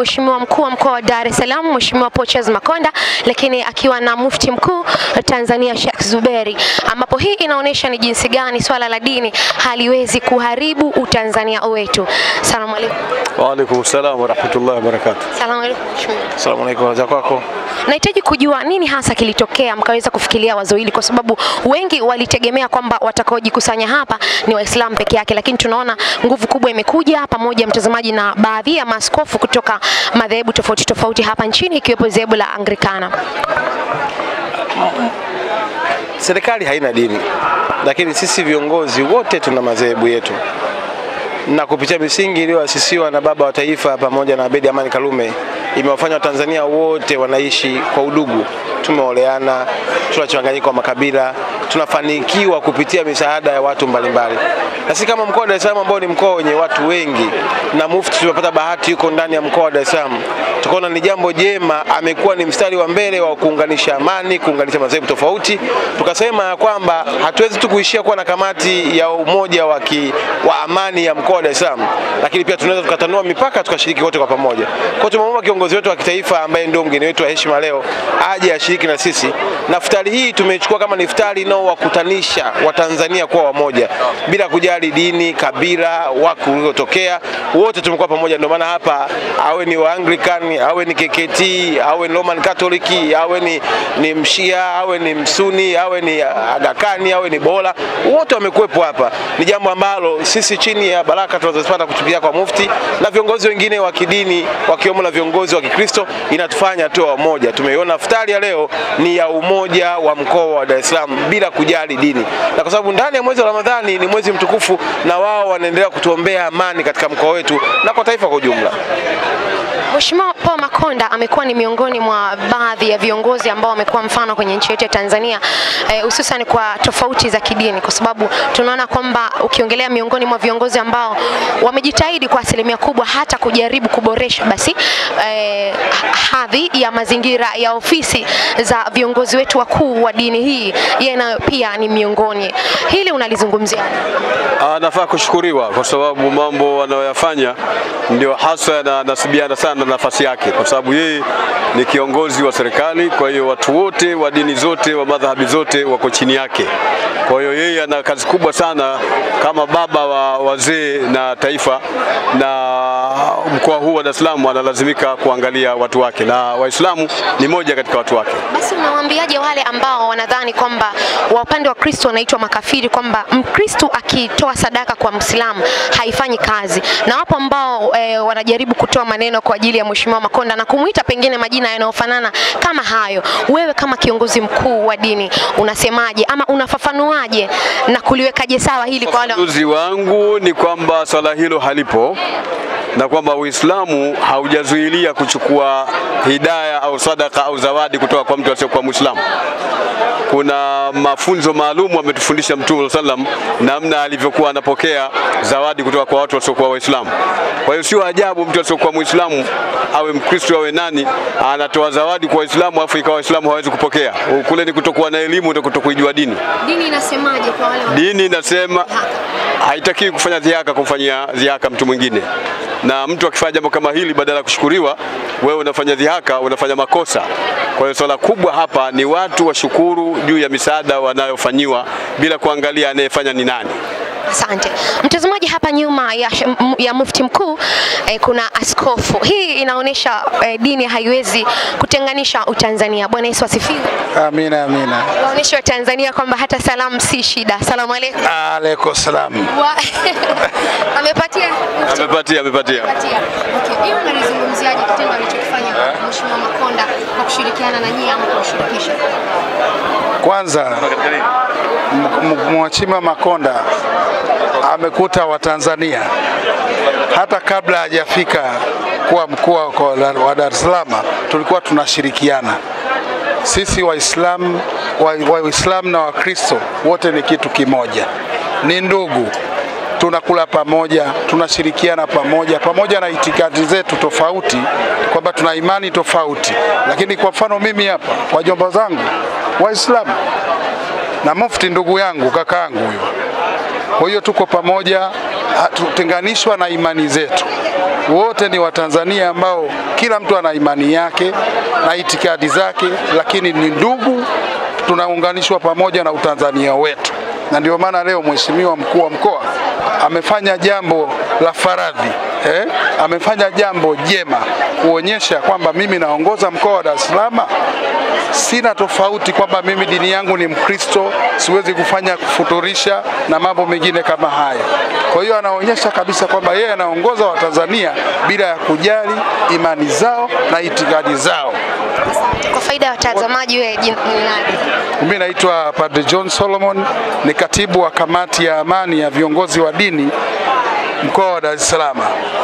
Mheshimiwa mkuu wa mkoa wa Dar es Salaam Mheshimiwa Pochaz Makonda, lakini akiwa na mufti mkuu Tanzania Sheikh Zuberi, ambapo hii inaonyesha ni jinsi gani swala la dini haliwezi kuharibu utanzania wetu. Salamu alaykum. Wa alaykum salaam wa rahmatullahi wa barakatuh. Salamu alaykum. Salamu alaykum. Kwako. Nahitaji kujua nini hasa kilitokea mkaweza kufikiria wazo hili, kwa sababu wengi walitegemea kwamba watakaojikusanya hapa ni Waislamu peke yake, lakini tunaona nguvu kubwa imekuja pamoja, mtazamaji, na baadhi ya maaskofu kutoka madhehebu tofauti tofauti hapa nchini ikiwepo dhehebu la Anglikana. Serikali haina dini, lakini sisi viongozi wote tuna madhehebu yetu na kupitia misingi iliyoasisiwa na baba wa taifa pamoja na Abedi Amani Karume imewafanya Watanzania wote wanaishi kwa udugu tumeoleana, tunachanganyika kwa makabila, tunafanikiwa kupitia misaada ya watu mbalimbali. Na sisi kama mkoa wa Dar es Salaam ambao ni mkoa wenye watu wengi na mufti tumepata bahati yuko ndani ya mkoa wa Dar es Salaam, tukaona ni jambo jema, amekuwa ni mstari wa mbele wa kuunganisha amani, kuunganisha madhehebu tofauti. Tukasema ya kwamba hatuwezi tu kuishia kuwa na kamati ya umoja wa, ki, wa amani ya mkoa wa Dar es Salaam, lakini pia tunaweza tukatanua mipaka tukashiriki wote kwa pamoja. Kwa hiyo tumemwomba kiongozi wetu wa kitaifa ambaye ndio mgeni wetu wa heshima leo aje kushiriki na sisi, na iftari hii tumechukua kama ni iftari inaowakutanisha Watanzania kuwa wamoja bila kujali dini, kabila, wako uliotokea, wote tumekuwa pamoja. Ndio maana hapa, awe ni Waanglican, awe ni KKT, awe ni Roman Catholic, awe ni, ni Mshia, awe ni Msuni, awe ni Agakani, awe ni Bola, wote wamekuwepo hapa. Ni jambo ambalo sisi chini ya baraka tunazozipata kutupia kwa mufti na viongozi wengine wa kidini wakiwemo na viongozi wa Kikristo inatufanya tuwe wamoja. Tumeiona iftari ya leo ni ya umoja wa mkoa wa Dar es Salaam bila kujali dini, na kwa sababu ndani ya mwezi wa Ramadhani ni mwezi mtukufu, na wao wanaendelea kutuombea amani katika mkoa wetu na kwa taifa kwa ujumla. Mheshimiwa Paul Makonda amekuwa ni miongoni mwa baadhi ya viongozi ambao wamekuwa mfano kwenye nchi yetu ya Tanzania eh, hususan e, kwa tofauti za kidini, kwa sababu tunaona kwamba ukiongelea miongoni mwa viongozi ambao wamejitahidi kwa asilimia kubwa hata kujaribu kuboresha basi e, hadhi ya mazingira ya ofisi za viongozi wetu wakuu wa dini hii, yeye nayo pia ni miongoni. Hili unalizungumzia? Anafaa ah, kushukuriwa kwa sababu mambo anayoyafanya ndio haswa yananasibiana sana nafasi yake, kwa sababu yeye ni kiongozi wa serikali. Kwa hiyo watu wote wa dini zote wa madhahabi zote wako chini yake. Kwa hiyo yeye ana kazi kubwa sana kama baba wa wazee na taifa, na mkoa huu wa Dar es Salaam analazimika kuangalia watu wake, na Waislamu ni moja katika watu wake. Basi unawaambiaje wale ambao wanadhani kwamba wa upande wa Kristo wanaitwa makafiri, kwamba Mkristo akitoa sadaka kwa Mwislamu haifanyi kazi, na wapo ambao e, wanajaribu kutoa maneno kwa ajili ya Mheshimiwa Makonda na kumuita pengine majina yanayofanana kama hayo. Wewe kama kiongozi mkuu wa dini unasemaje ama unafafanua mnasemaje na kuliwekaje sawa hili kwa wale? Ujuzi wangu ni kwamba swala hilo halipo na kwamba Uislamu haujazuilia kuchukua hidaya au sadaka au zawadi kutoka kwa mtu asiyekuwa Muislamu. Kuna mafunzo maalum ametufundisha Mtume sallam namna alivyokuwa anapokea zawadi kutoka kwa watu wasiokuwa Waislamu. Kwa hiyo sio ajabu mtu asiokuwa Muislamu awe Mkristo awe nani, anatoa zawadi kwa Waislamu afu ikawa Waislamu hawezi kupokea. Kule ni kutokuwa na elimu na kutokuijua dini. Dini inasemaje kwa wale? Dini inasema haitaki kufanya dhihaka, kumfanyia ziaka mtu mwingine na mtu akifanya jambo kama hili badala ya kushukuriwa, wewe unafanya dhihaka, unafanya makosa. Kwa hiyo swala kubwa hapa ni watu washukuru juu ya misaada wanayofanyiwa bila kuangalia anayefanya ni nani. Asante mtazamaji nyuma ya, ya mufti mkuu eh, kuna askofu. Hii inaonyesha eh, dini haiwezi kutenganisha Utanzania. Bwana Yesu asifiwe. Amina, amina. Waonyeshe wa kwamba hata salamu si shida. Salamu aleikum. Aleikum salam. Amepatia? Amepatia, amepatia. Okay. Hiyo unalizungumziaje kitendo alichokifanya eh? Mheshimiwa Makonda kwa kushirikiana na nyinyi ama kushirikisha? Kwanza Mheshimiwa Makonda amekuta Watanzania hata kabla hajafika kuwa mkuu wa Dar es Salaam, tulikuwa tunashirikiana sisi Waislamu Waislamu na Wakristo wote ni kitu kimoja, ni ndugu, tunakula pamoja, tunashirikiana pamoja, pamoja na itikadi zetu tofauti, kwamba tuna imani tofauti. Lakini kwa mfano mimi hapa, wajomba zangu Waislamu na mufti ndugu yangu kaka yangu huyo kwa hiyo tuko pamoja, hatutenganishwa na imani zetu. Wote ni Watanzania ambao kila mtu ana imani yake na itikadi zake, lakini ni ndugu, tunaunganishwa pamoja na Utanzania wetu, na ndio maana leo Mheshimiwa mkuu wa mkoa amefanya jambo la faradhi eh, amefanya jambo jema kuonyesha kwamba mimi naongoza mkoa wa Dar es Salaam sina tofauti kwamba mimi dini yangu ni Mkristo, siwezi kufanya kufuturisha na mambo mengine kama haya Kwa hiyo anaonyesha kabisa kwamba yeye anaongoza Watanzania bila ya kujali imani zao na itikadi zao. Kwa faida ya watazamaji, wewe ni nani? Mimi naitwa Padre John Solomon, ni katibu wa kamati ya amani ya viongozi wa dini mkoa wa Dar es Salaam.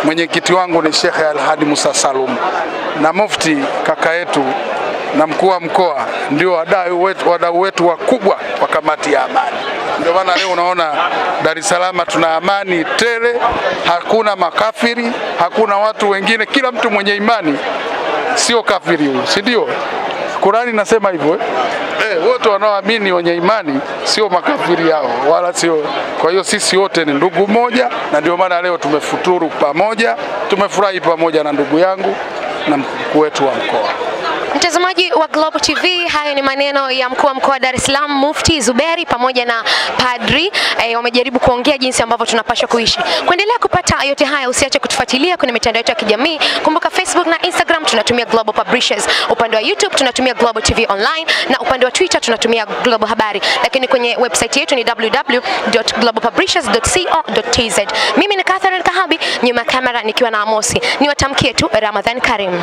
Mwenyekiti wangu ni Sheikh Alhadi Musa Salum na mufti kaka yetu na mkuu wa mkoa ndio wadau wetu, wadau wetu wakubwa wa kamati ya amani. Ndio maana leo unaona Dar es Salaam tuna amani tele, hakuna makafiri, hakuna watu wengine, kila mtu mwenye imani sio kafiri huyu, si ndio? Kurani nasema hivyo eh? Eh, wote wanaoamini wenye imani sio makafiri yao wala sio. Kwa hiyo sisi wote ni ndugu moja, na ndio maana leo tumefuturu pamoja, tumefurahi pamoja na ndugu yangu na mkuu wetu wa mkoa. Mtazamaji wa Global TV, hayo ni maneno ya mkuu wa mkoa wa Dar es Salaam Mufti Zuberi pamoja na Padri e, wamejaribu kuongea jinsi ambavyo tunapaswa kuishi. Kuendelea kupata yote haya, usiache kutufuatilia kwenye mitandao yetu ya kijamii. Kumbuka Facebook na Instagram tunatumia Global Publishers, upande wa YouTube tunatumia Global TV Online na upande wa Twitter tunatumia Global Habari, lakini kwenye website yetu ni www.globalpublishers.co.tz. Mimi ni Catherine Kahabi, nyuma ya kamera nikiwa na Amosi. Niwatamkie tu Ramadhan Karim.